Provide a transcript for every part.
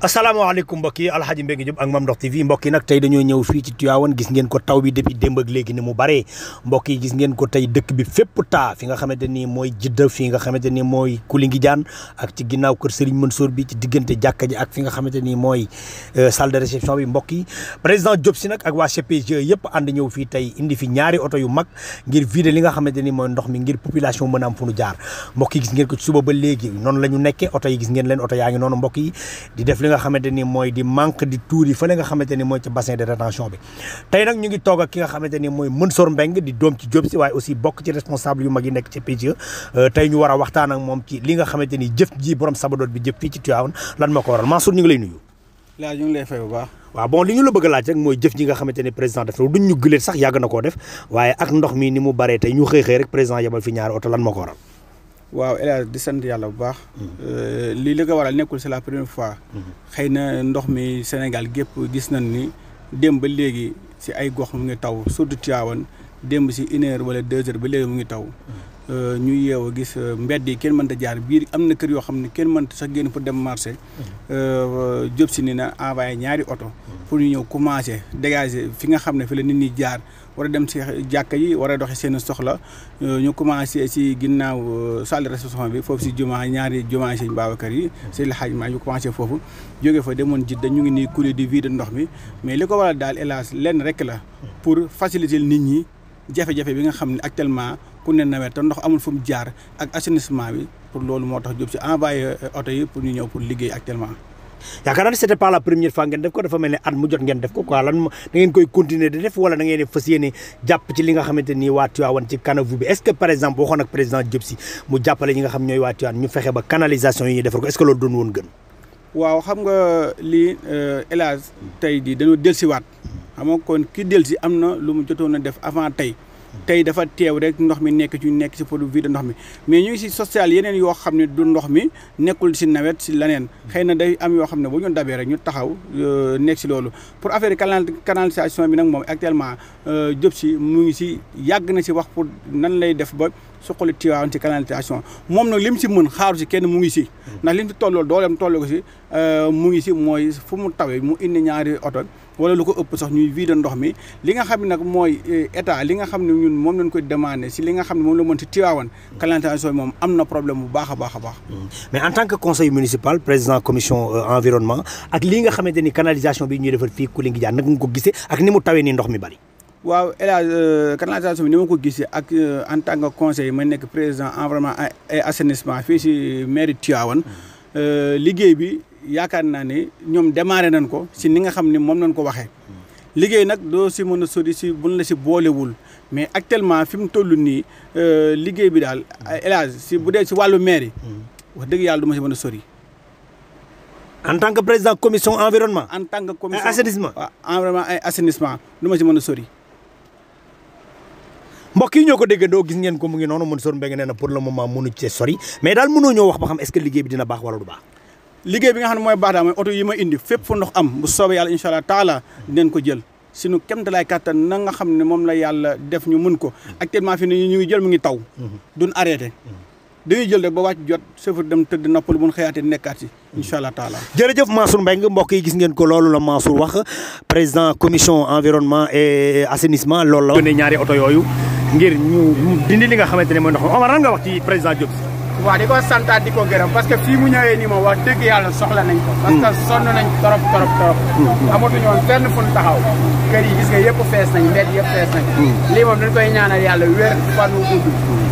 asalaamaaleykum mbokk yi alxaaji Mbengue Diop ak Mame Ndokh TV mbokk yi nag tey dañoo ñëw fii ci Tivaouane gis ngeen ko taw bi depuis démb ak léegi ni mu bare mbokk yi gis ngeen ko tey dëkk bi fépp taa fi nga xamante ni mooy Jidda fi nga xamante ni mooy Koulingidiane ak ci ginnaaw kër Serigne Mansour bi ci diggante jàkka ji ak fi nga xamante ni mooy euh, salle de réception bi président Diop nag ak waa CPGE yëpp ànd ñëw fii tey indi fi ñaari oto yu mag ngir vider li xamante ni mooy ndox mi ngir population mën a am fu mbokk yi gis ngeen ko suba ba léegi noonu la ñu nekkee oto yi gis ngeen leen oto yaa ngi noonu mbokk yi di def li nga xamante ni mooy di manque di tuur yi fële nga xamante mooy ci bassin de rétention bi tey nag ñu ngi toog ak ki nga xamante ni mooy Mansour Mbengue di doom ci Diop si waaye aussi bokk ci responsable yu mag yi nekk ci PGE euh, tey ñu war a waxtaan ak moom ci li nga xamante ni jëf ji borom sabadoot bi jëf fii ci Tivaouane lan moo ko waral Mansour ñu ngi lay nuyu laa ñu ngi lay fay bu baax waaw bon li ñu la bëgg a laaj rek mooy jëf ji nga xamante président def mu baree tey ñu xëy xëy ko waaw El Hadj di sant yàlla bu baax. Mm-hmm. lii li ko waral nekkul si la première fois. Mm-hmm. xëy na ndox mi Sénégal gépp gis nañ ni démb ba léegi ci ay gox mu ngi taw surtout Tivaouane. démb si une heure wala deux heures ba léegi mu ngi taw euh, ñu yeew gis euh, mbedd yi kenn mënta jaar biir am na kër yoo xam ne kenn mënta sax génn pour dem marché job euh, si ni na envoyé ñaari oto pour ñu ñëw commencé dégager fi nga xam ne fi la nit ñi jaar war a dem si jàkk yi war a doxi seen soxla ñu commencé si ginnaaw salle réception bi foofu si jumaa ñaari jumaa sëñ Babacar yi si la xaaj maa ñu commencé foofu jóge fa demoon Jidda ñu ngi nii coulé di vide ndox mi lenn rek la jafe-jafe bi nga xam ne actuellement ku ne nawet te ndox amul fu mu jaar ak assainissement bi pour loolu moo tax Diop si envoyé euh, oto pour ñu ñëw pour liggéey actuellement. yaakaar naa ne c'était pas la première fois ngeen def ko dafa mel ni at mu jot ngeen def ko quoi lan da ngeen koy continuer di def wala da ngeen fas yéene jàpp ci li nga xamante nii waa Tivaouane ci caniveau bi est-ce que par exemple waxoon ak président Diop si mu jàppale ñi nga ñu defar ko est-ce que loolu doon woon gën. waaw xam nga lii hélas euh, tey di dañoo dellusiwaat. xam kon ki del si am na lu mu jotoon a def avant tey tey dafa teew rek ndox mi nekk ci nekk si produit de ndox mi mais ñu ngi si social yeneen yoo xam ne du ndox mi nekkul si nawet si leneen xëy na day am yoo xam ne bu ñu dabee rek ñu taxaw euh, nekk si loolu pour affaire canalisation bi nag moom actuellement euh, Diop si mu ngi si yàgg na si wax pour nan lay def ba suqali Tivaouane si canalisation moom nag lim si mën xaaru si kenn mu ngi si ndax lim si tolloo dooleem tolloo ko si euh, mu ngi si mooy fu mu tawee mu indi ñaari oto wala lu ko ëpp sax ñuy vider ndox mi li nga xam ne nag mooy eh, état li nga xam ne ñun moom lañ koy demandé si li nga xam ne moom la mën ti Tivaouane canalisation bi moom am na problème bu a baax a baax mm. mais en tant que conseil municipal président commission euh, environnement ak li nga xamante ni canalisation bi ñuy defar fii Koulingi Diagne nag nga ko gisee ak ni mu tawee ni ndox mi bari waaw élage euh, canalisation bi ni ma ko gisee ak euh, en tant que conseil ma nekk président environnement et fii si mairie Tivaouane mm. liggéey bi yaakaar naa ne ñoom démarré nañ ko si ni nga xam ne moom nañ ko waxee liggéey nag doo si mën a sori si buñ la si boolewul mais actuellement fi mu toll nii euh, liggéey bi daal élage hmm. si bu dee si wàllu maire hmm. wax dëgg yàlla du ma si mën a sori. en tant que président commission environnement. en tant que commission assainissement ah, environnement a sori. mbokk yi ñoo ko déggandoo gis ngeen ko mu ngi noonu Mansour Mbengue nee na pour le moment mënu cee sori mais daal mënoo ñoo wax ba xam est que liggéey bi liggéey bi nga xam ne mooy baax daa mooy oto yi ma indi fépp fu ndox am bu soobee yàlla incha allah taala dinañ ko jël sunu kéemtalaay kàttan na nga xam ne moom la yàlla def ñu mun ko mm-hmm. actuellement fi ne ñu ngi jël mu ngi taw mm-hmm. duñ arrêté mm-hmm. dañuy jël rek ba wàcc jot chauffeur dem tëdd noppalu mun xëyaatee nekkaat si incha allah taala jërëjëf mbay Mbengue mbokk yi gis ngeen ko loolu la Mansour wax président commission environnement et assainissement loolu la. yónnee oto yooyu ngir ñu dindi li nga xamante ne mooy ndox mi Omar lan nga wax ci président Diop waaw di ko santaat di ko gërëm parce que fii mu ñëwee nii ma wax dëgg yàlla soxla nañ ko. parce que sonn nañ torop torop torop. Hmm. amatuñu woon fenn fu ñu taxaw. kër yi gis nga yëpp fees nañ mbedd yëpp fees nañ. Hmm. lii moom dañ koy ñaanal yàlla wér fan wu gudd.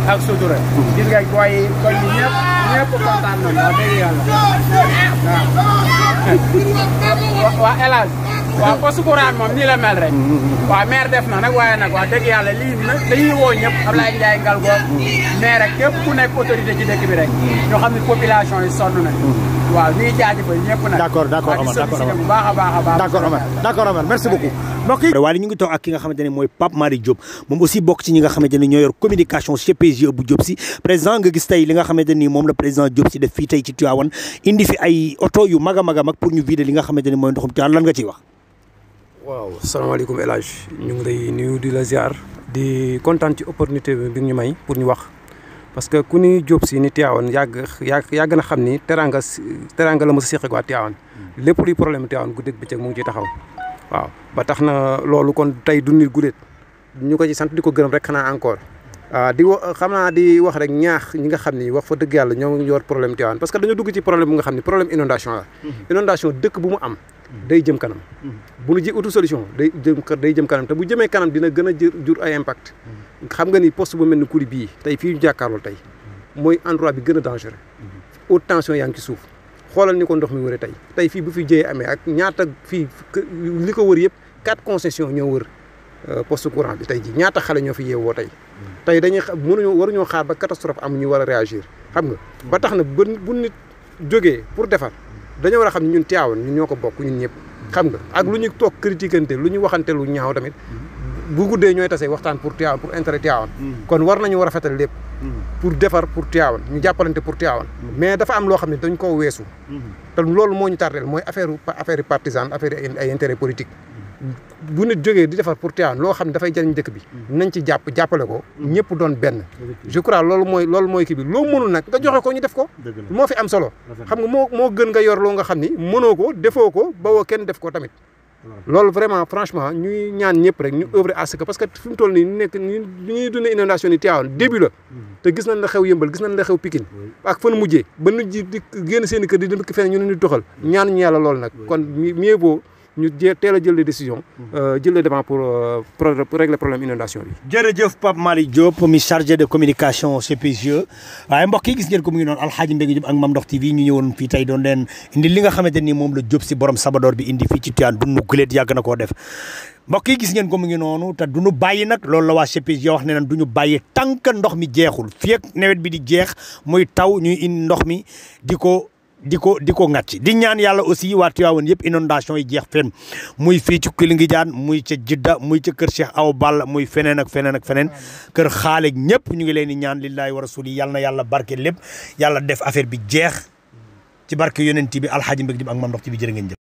ak sutura. Hmm. gis nga booy yi koñ yi ñëpp. ñëpp kontaan nañu wax dëgg yàlla waaw. waa El Hadj moom nii la mel rek. waaw maire def na nag waaye nag wax dëgg yàlla lii nag dañuy woo ñëpp Ablaye Ndiaye Ngalgo maire rek képp ku nekk autorité ci dëkk bi rek. ñoo xam yi sonn nañ. waaw ñuy jaajëfal ñëpp nag. d'accord d'accord Omar d'accord Omar a baax merci beaucoup. mbokk yi waaye ñu ngi toog ak ki nga xamante ne mooy Pape Malick Diop moom aussi bokk ci ñi nga xamante ne ñoo yor communication CPG bu Diop si président nga gis tey li nga xamante ni moom la président Diop si def fii tey ci Tivaouane indi fi ay oto yu mag a a mag pour ñu vider li nga xamante ne mooy ndoxum Tivaouane nga ciy wax waaw salaamaaleykum El Hadj ñu ngi lay nuyu di la ziar di kontaan ci opportunité bi ñu may pour ñu wax parce que ku ni Diop si ni Tivaouane yàgg yàgg yàgg na xam ni teranga teranga la mos seq ak waa Tivaouane hmm. lépp luy problème Tivaouane guddeeg bëccëg mu ciy taxaw waaw ba tax na loolu kon tey du nit guddéet ñu ko ci sant di ko gërëm rek xanaa encore ah, di wa xam naa di wax rek ñaax ñi nga xam ni wax fa dëgg yàlla ñoo yor problème Tivaouane parce que dañoo dugg ci problème bu nga xam ni problème inondation la mhm. inondation dëkk bu mu am mhm. day jëm kanam mhm. bu ñu ji auto solution day jëm day jëm kanam te bu jëmee kanam dina gën a jur a impact xam nga ni post bu mel ni kuli bii tey fii ñu jàkkaarloo tey mooy endroit bi gën a dangereux haute tension yaa ngi ci suuf xoolal ni ko ndox mi a tey tey fii bu fi jëyee amee ak ñaata fii li ko wër yëpp quatre concessions ñoo wër euh, poste courant bi tey jii ñaata xale ñoo fi woo tey tey dañuy mënuñu waruñoo xaar ba catastrophe am ñu war a réagir xam nga ba tax na bu nit jógee pour defar dañoo war a xam ñun Tivaouane ñun ñoo ko bokk ñun ñëpp xam nga ak lu ñu toog critiquante lu ñu waxante lu ñaaw tamit bu dee ñooy tasee waxtaan pour Tivaouane pour intérêt Tivaouane mm-hmm. kon war nañu war a lépp mm-hmm. pour defar pour Tivaouane ñu jàppalante pour Tivaouane mm-hmm. mais dafa am loo xam ne dañ koo weesu loolu moo ñu tardeel mooy affaire affaire partisan affaire ay intérêt politique bu nit jógee di defar pour loo xam ne dafay jëriñ dëkk bi nañ ci jàpp jàppale ko ñëpp doon benn je crois loolu mooy loolu mooy kii bi loo mënul nag nga joxe ko ñu def ko moo fi am solo xam nga moo moo gën nga yor loo nga xam ni mënoo ko defoo ko bawoo kenn def ko tamit loolu vraiment franchement ñuy ñaan ñëpp rek ñu œuvre à ce que parce que fi mu toll nii nekk ñu ñuy dundee inondation yi Tivaouane début la mm-hmm. te gis nañ la xew yëmbal gis nañ la xew Pikine ak fan mujjee ba nit ji di génn di dëkk ñu ne ñu doxal ñaan ñu yàlla loolu nag kon mieux vaut ñu teel a jël les décisions mhm. euh, jël les devant pour euh, pour régler problème inondation bi. jërëjëf Pape Malick Diop mi chargé de communication CPGE waaye mbokk yi gis ngeen ko mu ngi noonu Alxaaji Mbégi Diop ak Mame Ndokh TV ñu ñëwoon fii tey doon leen indi li nga xamante ni moom la Diop si borom Sabador bi indi fii ci Tivaouane du nu na koo def. mbokk yi gis ngeen ko mu ngi noonu te du ñu bàyyi nag loolu la waa CPGE wax ne nan du ñu bàyyi tànk ndox mi jeexul fii ak nawet bi di jeex muy taw ñuy indi ndox mi di ko di ko di ko ngàcc di ñaan yàlla aussi waa Tivaouane yëpp inondation yi jeex fenn muy fii ci jaan muy ca Jidda muy ca kër Cheikh aw Balla muy feneen ak feneen ak feneen kër xaaleg ñëpp ñu ngi leen di ñaan lillahi wa rasuli yàlla na yàlla barke lépp yàlla def affaire bi jeex ci barke yonent bi alxaaji mbég dib ak mam ndox ci bi jërë ngeen jëf